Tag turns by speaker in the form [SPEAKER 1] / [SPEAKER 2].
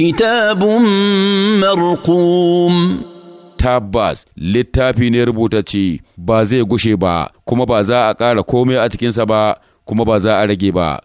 [SPEAKER 1] كتاب مرقوم tabbas littafi ne rubutacce ba zai gushe ba kuma ba za a ƙara komai a cikinsa ba
[SPEAKER 2] kuma ba za a rage ba